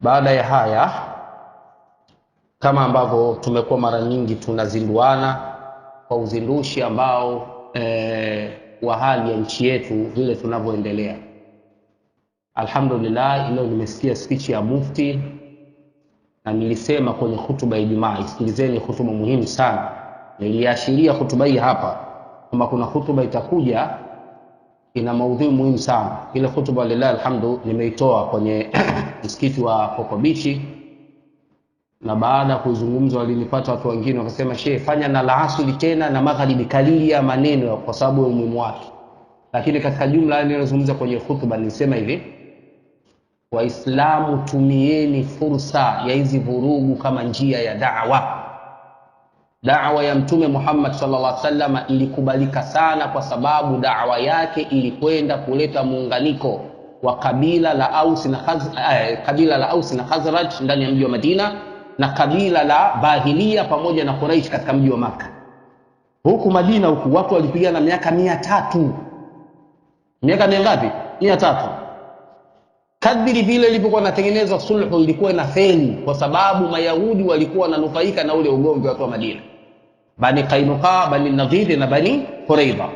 Baada ya haya, kama ambavyo tumekuwa mara nyingi tunazinduana kwa uzindushi ambao e, wa hali ya nchi yetu vile tunavyoendelea. Alhamdulillah, leo nimesikia speech ya mufti na nilisema kwenye hutuba ya Ijumaa, isikilizeni hutuba muhimu sana. Niliashiria hutuba hii hapa kwamba kuna hutuba itakuja ina maudhui muhimu sana. Ile hutuba lillahi alhamdu nimeitoa kwenye msikiti wa Kokobichi, na baada ya kuzungumza walinipata watu wengine wakasema, shehe, fanya na laasuli tena na magharibi, kalili ya maneno kwa sababu ya umuhimu wake. Lakini katika jumla nilizungumza kwenye hutuba nilisema hivi, Waislamu tumieni fursa ya hizi vurugu kama njia ya da'wa Dawa ya Mtume Muhammad sallallahu alaihi wasallam ilikubalika sana, kwa sababu dawa yake ilikwenda kuleta muunganiko wa kabila la Ausi na Khaz, eh, kabila la Ausi na Khazraj ndani ya mji wa Madina na kabila la Bahilia pamoja na Quraish katika mji wa makka Huku Madina huku watu walipigana miaka mia tatu. Miaka mia ngapi? Mia tatu. Kadiri vile ilipokuwa natengenezwa sulhu ilikuwa na feni kwa sababu Mayahudi walikuwa wananufaika na ule ugomvi watu wa Madina Bani Kainuka, Bani Nadhiri na Bani Quraidha.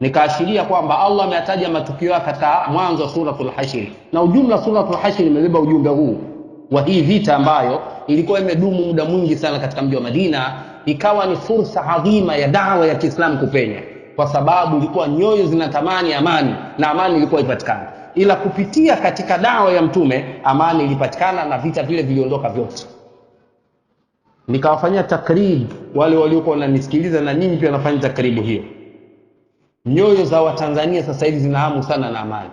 Nikaashiria kwamba Allah ameyataja matukio yake katika mwanzo wa Suratul Hashiri, na ujumla Suratul Hashiri imebeba ujumbe huu wa hii vita ambayo ilikuwa imedumu muda mwingi sana katika mji wa Madina, ikawa ni fursa adhima ya dawa ya Kiislamu kupenya, kwa sababu ilikuwa nyoyo zinatamani amani na amani ilikuwa ipatikana, ila kupitia katika dawa ya Mtume amani ilipatikana na vita vile viliondoka vyote nikawafanyia takrib wale waliokuwa wananisikiliza na nyinyi pia nafanya takribu hiyo nyoyo za watanzania sasa hivi zinahamu sana na amani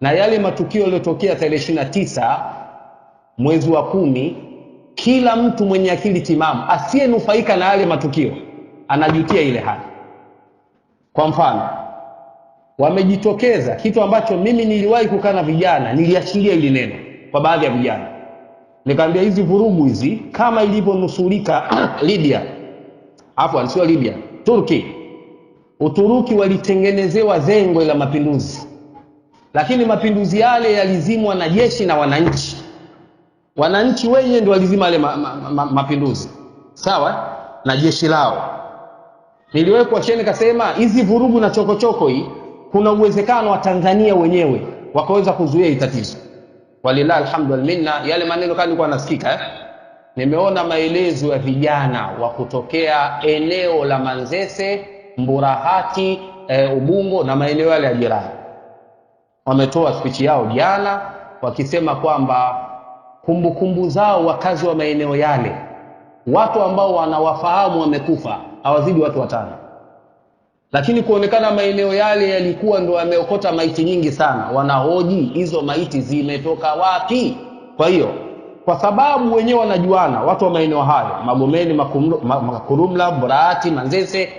na yale matukio yaliyotokea tarehe ishirini na tisa mwezi wa kumi kila mtu mwenye akili timamu asiyenufaika na yale matukio anajutia ile hali kwa mfano wamejitokeza kitu ambacho mimi niliwahi kukaa na vijana niliashiria ili neno kwa baadhi ya vijana nikamwambia hizi vurugu hizi kama ilivyonusurika Libya, afwan, sio Libya, Turki. Uturuki walitengenezewa zengo la mapinduzi, lakini mapinduzi yale yalizimwa na jeshi na wananchi. Wananchi wenyewe ndio walizima yale ma, ma, ma, mapinduzi, sawa na jeshi lao. Niliwekwa cheni kasema, hizi vurugu na chokochoko hii, kuna uwezekano wa Tanzania wenyewe wakaweza kuzuia hii tatizo Walilah alhamdulillah minna, yale maneno kani kwa nasikika eh? Nimeona maelezo ya vijana wa kutokea eneo la Manzese, Mburahati, e, Ubungo na maeneo yale ya jirani, wametoa speech yao jana wakisema kwamba kumbukumbu zao wakazi wa maeneo yale, watu ambao wanawafahamu wamekufa hawazidi watu watano lakini kuonekana maeneo yale yalikuwa ndo yameokota maiti nyingi sana. Wanahoji hizo maiti zimetoka wapi? Kwa hiyo kwa sababu wenyewe wanajuana watu wa maeneo hayo, Magomeni, Makurumla, Burati, Manzese,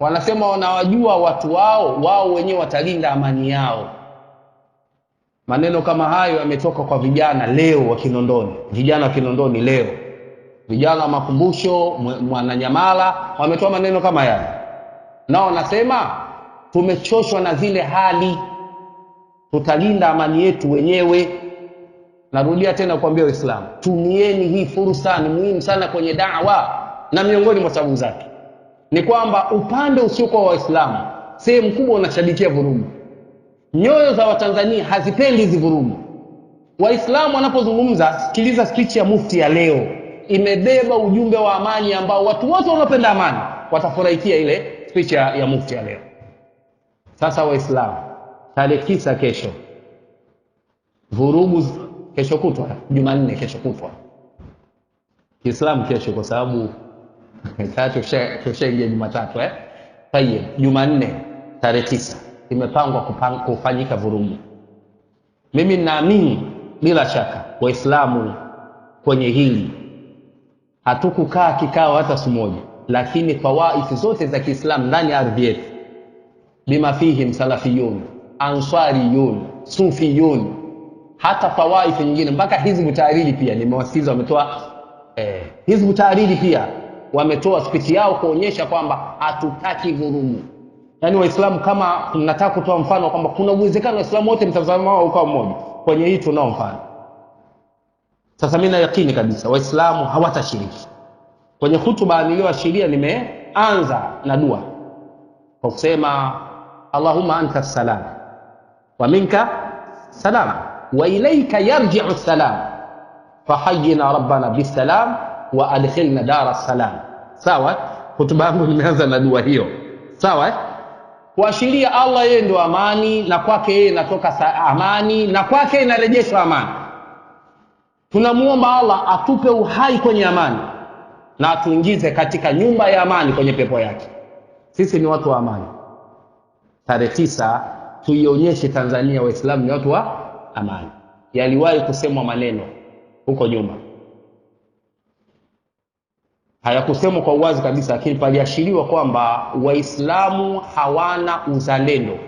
wanasema wanawajua watu wao, wao wenyewe watalinda amani yao. Maneno kama hayo yametoka kwa vijana leo wa Kinondoni, vijana wa Kinondoni leo, vijana wa Makumbusho, Mwananyamala, wametoa maneno kama yale nao nasema tumechoshwa na zile hali, tutalinda amani yetu wenyewe. Narudia tena kuambia Waislamu, tumieni hii fursa, ni muhimu sana kwenye da'wa, na miongoni mwa sababu zake ni kwamba upande usiokuwa wa Waislamu sehemu kubwa unashabikia vurugu. Nyoyo za Watanzania hazipendi hizi vurugu. Waislamu wanapozungumza, sikiliza speech ya mufti ya leo, imebeba ujumbe wa amani ambao watu wote wanaopenda amani watafurahikia ile picha ya mufti ya leo. Sasa Waislamu, tarehe tisa kesho, vurugu kesho kutwa, Jumanne kesho kutwa, Kiislamu kesho, kwa sababu tatu tushaingia Jumatatu eh? Tayeb, Jumanne tarehe tisa imepangwa kufanyika vurugu. Mimi naamini bila shaka Waislamu kwenye hili hatukukaa kikao hata siku moja lakini tawaifu zote za Kiislamu ndani ya ardhi yetu, bima fihim salafiyun, ansariyun, sufiyun, hata tawaifu nyingine mpaka hizbu taariri pia nimewasikiza wametoa eh, hizbu taariri pia wametoa spiti yao kuonyesha kwamba hatutaki dhulumu. Yaani Waislamu, kama mnataka kutoa mfano kwamba kuna uwezekano Waislamu wote mtazama wao ukawa mmoja kwenye hii tunao mfano sasa, mimi na yakini kabisa Waislamu hawatashiriki Kwenye hutuba niliyoashiria nimeanza na dua kwa kusema Allahumma anta salam wa minka salam wa ilaika yarji'u salam fahayina rabbana bisalam wa adkhilna dara salam. Sawa, hutuba yangu nimeanza na dua hiyo, sawa, kuashiria Allah yeye ndio amani na kwake yeye inatoka amani na kwake inarejeshwa amani. Tunamuomba Allah atupe uhai kwenye amani na atuingize katika nyumba ya amani kwenye pepo yake. Sisi ni watu wa amani. Tarehe tisa tuionyeshe Tanzania Waislamu ni watu wa amani. Yaliwahi kusemwa maneno huko nyuma, hayakusemwa kwa uwazi kabisa, lakini paliashiriwa kwamba Waislamu hawana uzalendo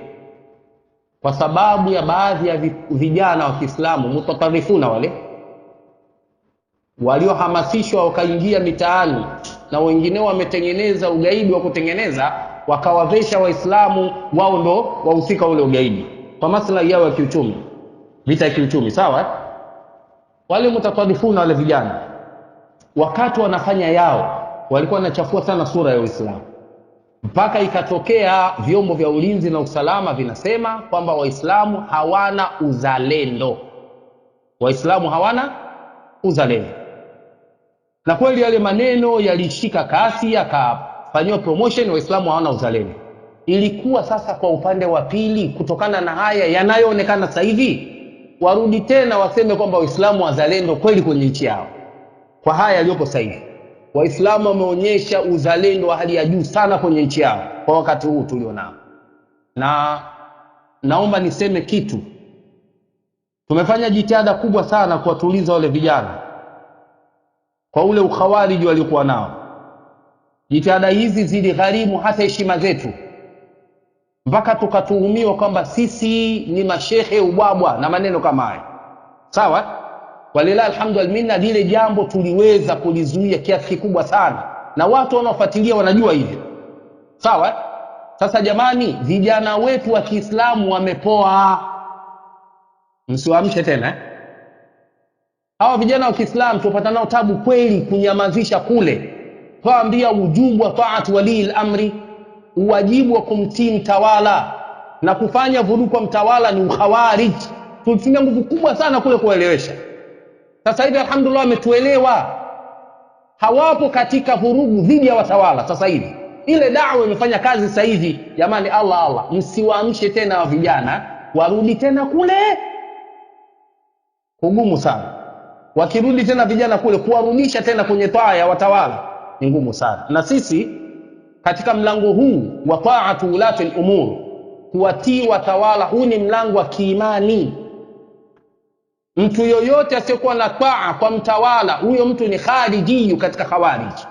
kwa sababu ya baadhi ya vijana wa Kiislamu mutatarifuna wale waliohamasishwa wakaingia mitaani na wengineo wametengeneza ugaidi wa kutengeneza wakawavesha Waislamu wao ndo wahusika ule ugaidi kwa maslahi yao ya kiuchumi, vita ya kiuchumi. Sawa, wale mutasadifuna, wale vijana wakati wanafanya yao walikuwa wanachafua sana sura ya Uislamu, mpaka ikatokea vyombo vya ulinzi na usalama vinasema kwamba Waislamu hawana uzalendo, Waislamu hawana uzalendo na kweli yale maneno yalishika kasi, yakafanyiwa promotion, Waislamu hawana uzalendo. Ilikuwa sasa kwa upande wa pili, kutokana na haya yanayoonekana sasa hivi, warudi tena waseme kwamba Waislamu wazalendo kweli kwenye nchi yao. Kwa haya yaliyopo sasa hivi, Waislamu wameonyesha uzalendo wa hali ya juu sana kwenye nchi yao kwa wakati huu tulionao, na naomba niseme kitu. Tumefanya jitihada kubwa sana kuwatuliza wale vijana kwa ule ukhawariji waliokuwa nao. Jitihada hizi ziligharimu hata heshima zetu, mpaka tukatuhumiwa kwamba sisi ni mashehe ubwabwa na maneno kama hayo. Sawa, walilahi alhamdu wal minna, lile jambo tuliweza kulizuia kiasi kikubwa sana, na watu wanaofuatilia wanajua hivyo. Sawa. Sasa jamani, vijana wetu wa Kiislamu wamepoa, msiwaamshe tena eh? hawa vijana wa Kiislamu tupata nao tabu kweli kunyamazisha kule, twaambia ujumbe wa taati walii lamri, uwajibu wa kumtii mtawala na kufanya vurugu kwa mtawala ni ukhawarij. Tulitumia nguvu kubwa sana kule kuwaelewesha. Sasa hivi alhamdulillah, wametuelewa, hawapo katika vurugu dhidi ya watawala. Sasa hivi ile dawa imefanya kazi. Sasa hivi jamani, Allah Allah, msiwaamshe tena wa vijana warudi tena kule, kugumu sana wakirudi tena vijana kule, kuwarudisha tena kwenye taa ya watawala ni ngumu sana. Na sisi katika mlango huu wa taatu ulati lumur, kuwatii watawala, huu ni mlango wa kiimani. Mtu yoyote asiyokuwa na taa kwa mtawala, huyo mtu ni kharijiyu katika khawariji.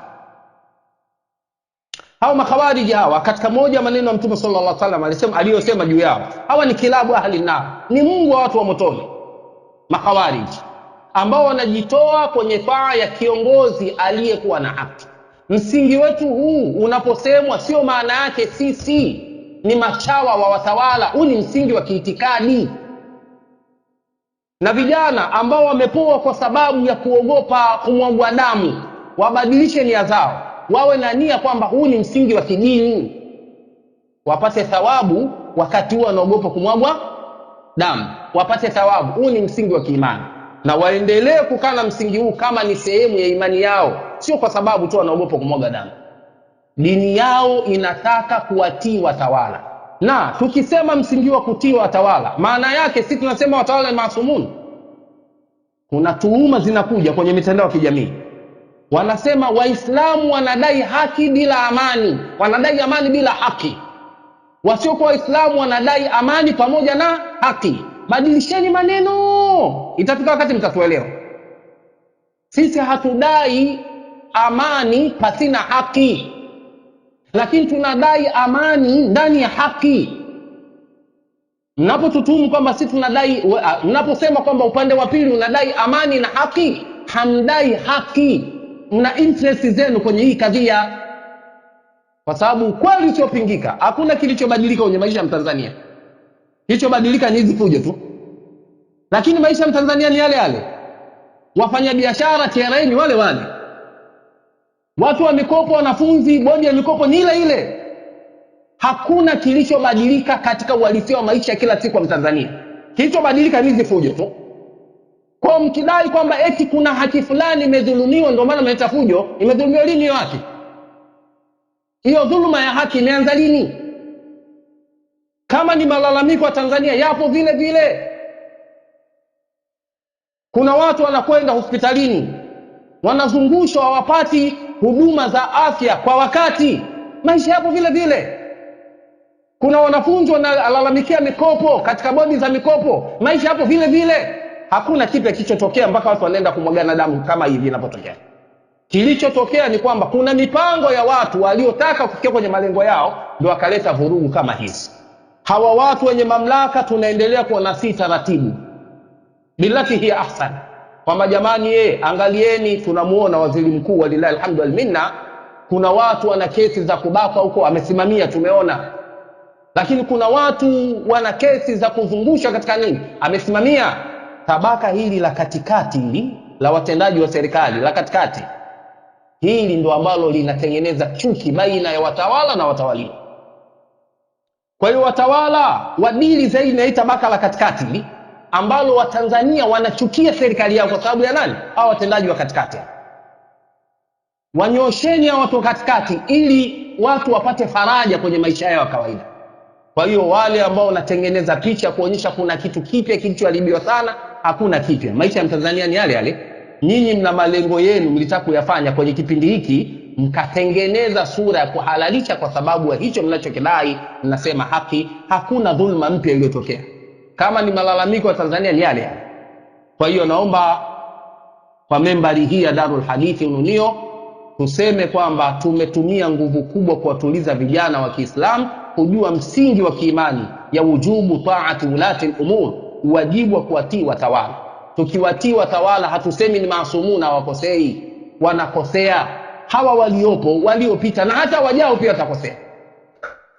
Hawa makhawariji hawa, katika moja maneno ya Mtume sallallahu alaihi wasallam alisema, aliyosema juu yao, hawa ni kilabu ahli nar, ni mungu wa watu wa motoni, makhawariji ambao wanajitoa kwenye paa ya kiongozi aliyekuwa na haki. Msingi wetu huu unaposemwa, sio maana yake sisi ni machawa wa watawala. Huu ni msingi wa kiitikadi, na vijana ambao wamepoa kwa sababu ya kuogopa kumwagwa damu wabadilishe nia zao, wawe na nia kwamba huu ni msingi wa kidini, wapate thawabu wakati huo wanaogopa kumwagwa damu, wapate thawabu. Huu ni msingi wa kiimani na waendelee kukaa na msingi huu kama ni sehemu ya imani yao, sio kwa sababu tu wanaogopa kumwaga damu. Dini yao inataka kuwatii watawala, na tukisema msingi wa kutii watawala, maana yake si tunasema watawala ni maasumuni. Kuna tuhuma zinakuja kwenye mitandao ya kijamii, wanasema Waislamu wanadai haki bila amani, wanadai amani bila haki. Wasiokuwa Waislamu wanadai amani pamoja na haki Badilisheni maneno, itafika wakati mtatuelewa. Sisi hatudai amani pasina haki, lakini tunadai amani ndani ya haki. mnapotutumu kwamba sisi tunadai, mnaposema kwamba upande wa pili unadai amani na haki, hamdai haki, mna interest zenu kwenye hii kadhia, kwa sababu ukweli usiopingika, hakuna kilichobadilika kwenye maisha ya Mtanzania kilichobadilika ni hizi fujo tu, lakini maisha ya Mtanzania ni yale yale, wafanyabiashara TRA ni wale wale, watu wa mikopo, wanafunzi, bodi ya mikopo ni ile ile. Hakuna kilichobadilika katika uhalisia wa maisha kila siku wa Mtanzania. Kilichobadilika ni hizi fujo tu. Kwa mkidai kwamba eti kuna haki fulani imedhulumiwa, ndio maana mnaita fujo. Imedhulumiwa lini hiyo Hiyo dhuluma ya haki imeanza lini? kama ni malalamiko ya Tanzania yapo vile vile. Kuna watu wanakwenda hospitalini wanazungushwa, hawapati huduma za afya kwa wakati. Maisha yapo vile vile. Kuna wanafunzi wanalalamikia mikopo katika bodi za mikopo, maisha yapo vile vile. Hakuna kipya kilichotokea mpaka watu wanaenda kumwagana damu kama hivi inavyotokea. Kilichotokea ni kwamba kuna mipango ya watu waliotaka kufikia kwenye malengo yao, ndio wakaleta vurugu kama hizi hawa watu wenye mamlaka tunaendelea sisi taratibu billati hiya ahsan kwamba jamani ye angalieni tunamuona waziri mkuu walilahi alhamdu walminna kuna watu wana kesi za kubaka huko amesimamia tumeona lakini kuna watu wana kesi za kuzungusha katika nini amesimamia tabaka hili la katikati la watendaji wa serikali la katikati hili ndo ambalo linatengeneza chuki baina ya watawala na watawaliwa kwa hiyo watawala wa dini zaidi na hii la katikati ambalo Watanzania wanachukia serikali yao kwa sababu ya nani? Hao watendaji wa katikati. Wanyosheni hao watu wa katikati ili watu wapate faraja kwenye maisha yao ya kawaida. Kwa hiyo wale ambao wanatengeneza picha kuonyesha kuna kitu kipya kilichoharibiwa sana, hakuna kipya. Maisha ya Mtanzania ni yale yale. Nyinyi mna malengo yenu mlitaka kuyafanya kwenye kipindi hiki mkatengeneza sura ya kuhalalisha kwa sababu ya hicho mnachokidai, mnasema haki. Hakuna dhulma mpya iliyotokea, kama ni malalamiko ya Tanzania ni yale yale. Kwa hiyo naomba kwa membari hii ya Darul Hadithi Ununio tuseme kwamba tumetumia nguvu kubwa kuwatuliza vijana wa Kiislamu kujua msingi wa kiimani ya wujubu taati ulati umur, uwajibu wa kuwatii watawala. Tukiwatii watawala, hatusemi ni maasumuna, hawakosei, wanakosea hawa waliopo waliopita na hata wajao pia watakosea.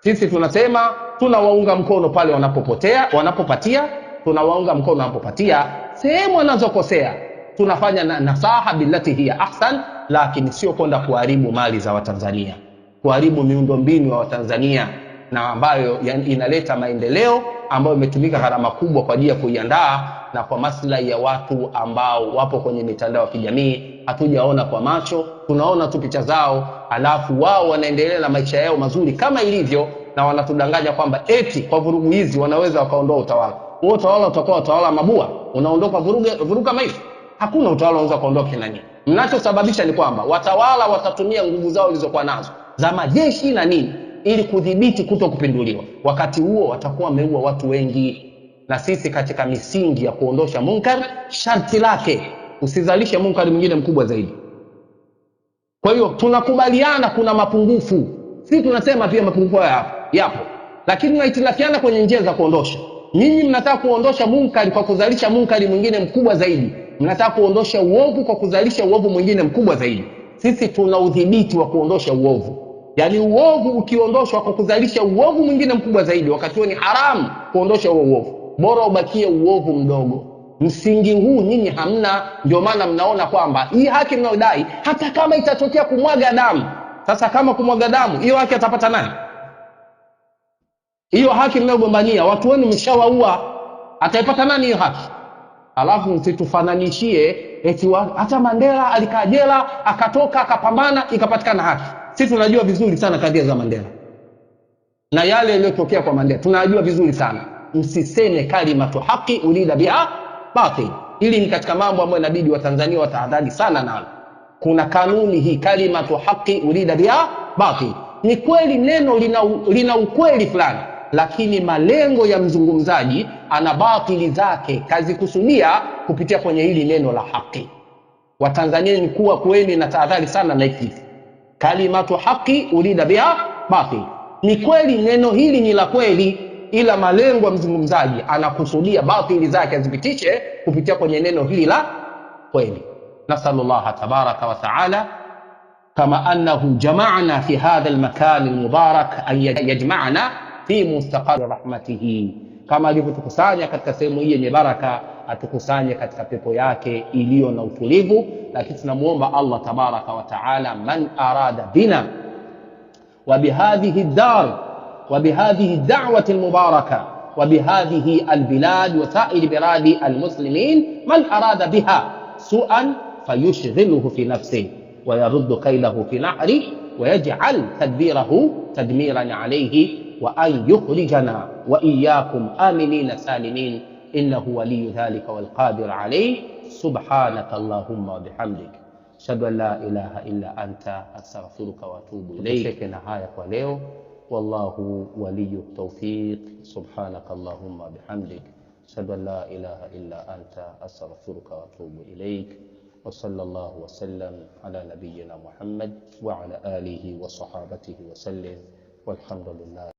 Sisi tunasema tunawaunga mkono pale wanapopotea, wanapopatia, tunawaunga mkono wanapopatia, sehemu wanazokosea tunafanya na nasaha billati hiya ahsan, lakini sio kwenda kuharibu mali za Watanzania, kuharibu miundombinu ya Watanzania na ambayo inaleta maendeleo ambayo imetumika gharama kubwa kwa ajili ya kuiandaa na kwa maslahi ya watu ambao wapo kwenye mitandao ya kijamii hatujaona kwa macho, tunaona tu picha zao, alafu wao wanaendelea na maisha yao mazuri kama ilivyo, na wanatudanganya kwamba eti kwa vurugu hizi wanaweza wakaondoa utawala huo. Utawala utakuwa utawala mabua, unaondoka vuruga vuruga maisha. Hakuna utawala unaweza kuondoa kina nini. Mnachosababisha ni kwamba watawala watatumia nguvu zao zilizokuwa nazo za majeshi na nini, ili kudhibiti kuto kupinduliwa. Wakati huo watakuwa wameua watu wengi, na sisi katika misingi ya kuondosha munkar, sharti lake usizalishe munkari mwingine mkubwa zaidi. Kwa hiyo tunakubaliana kuna mapungufu, si tunasema pia mapungufu hayo yapo, yapo, lakini tunahitilafiana kwenye njia za kuondosha. Nyinyi mnataka kuondosha munkar kwa kuzalisha munkar mwingine mkubwa zaidi, mnataka kuondosha uovu kwa kuzalisha uovu mwingine mkubwa zaidi. Sisi tuna udhibiti wa kuondosha uovu. Yaani uovu ukiondoshwa kwa kuzalisha uovu mwingine mkubwa zaidi, wakati huo ni haramu kuondosha huo uovu, bora ubakie uovu mdogo msingi huu nyinyi hamna ndio maana mnaona kwamba hii haki mnayodai hata kama itatokea kumwaga damu sasa kama kumwaga damu hiyo haki atapata nani hiyo haki mnayogombania watu wenu mshawaua ataipata nani hiyo haki alafu msitufananishie eti hata mandela alikaa jela akatoka akapambana ikapatikana haki sisi tunajua vizuri sana kadhia za mandela na yale yaliyotokea kwa mandela tunajua vizuri sana msiseme kalimatu haki ulida biha batil. Hili ni katika mambo ambayo inabidi Watanzania watahadhari sana nalo. Kuna kanuni hii, kalimatu haqi urida biha batil. Ni kweli neno lina, lina ukweli fulani, lakini malengo ya mzungumzaji ana batili zake kazikusudia kupitia kwenye hili neno la haki. Watanzania ni kuwa kuweni na tahadhari sana na hiki kalimatu haqi urida biha batil. Ni kweli neno hili ni la kweli ila malengo ya mzungumzaji anakusudia batili zake azipitishe kupitia kwenye neno hili la kweli. Nasal llaha tabaraka wa taala kama annahu jama'na fi hadha almakan almubarak an yajma'na fi mustaqarri rahmatihi, kama alivyotukusanya katika sehemu hii yenye baraka atukusanye katika pepo yake iliyo na utulivu. Lakini tunamwomba Allah tabaraka wa taala, man arada bina wa bihadhihi dar وبهذه الدعوة المباركة وبهذه البلاد وسائر بلاد المسلمين من أراد بها سوءا فيشغله في نفسه ويرد كيله في نحره ويجعل تدبيره تدميرا عليه وأن يخرجنا وإياكم آمنين سالمين إنه ولي ذلك والقادر عليه سبحانك اللهم وبحمدك أشهد أن لا إله إلا أنت أستغفرك وأتوب إليك. والله ولي التوفيق سبحانك اللهم بحمدك أشهد أن لا إله إلا أنت أستغفرك وأتوب إليك وصلى الله وسلم على نبينا محمد وعلى آله وصحابته وسلم والحمد لله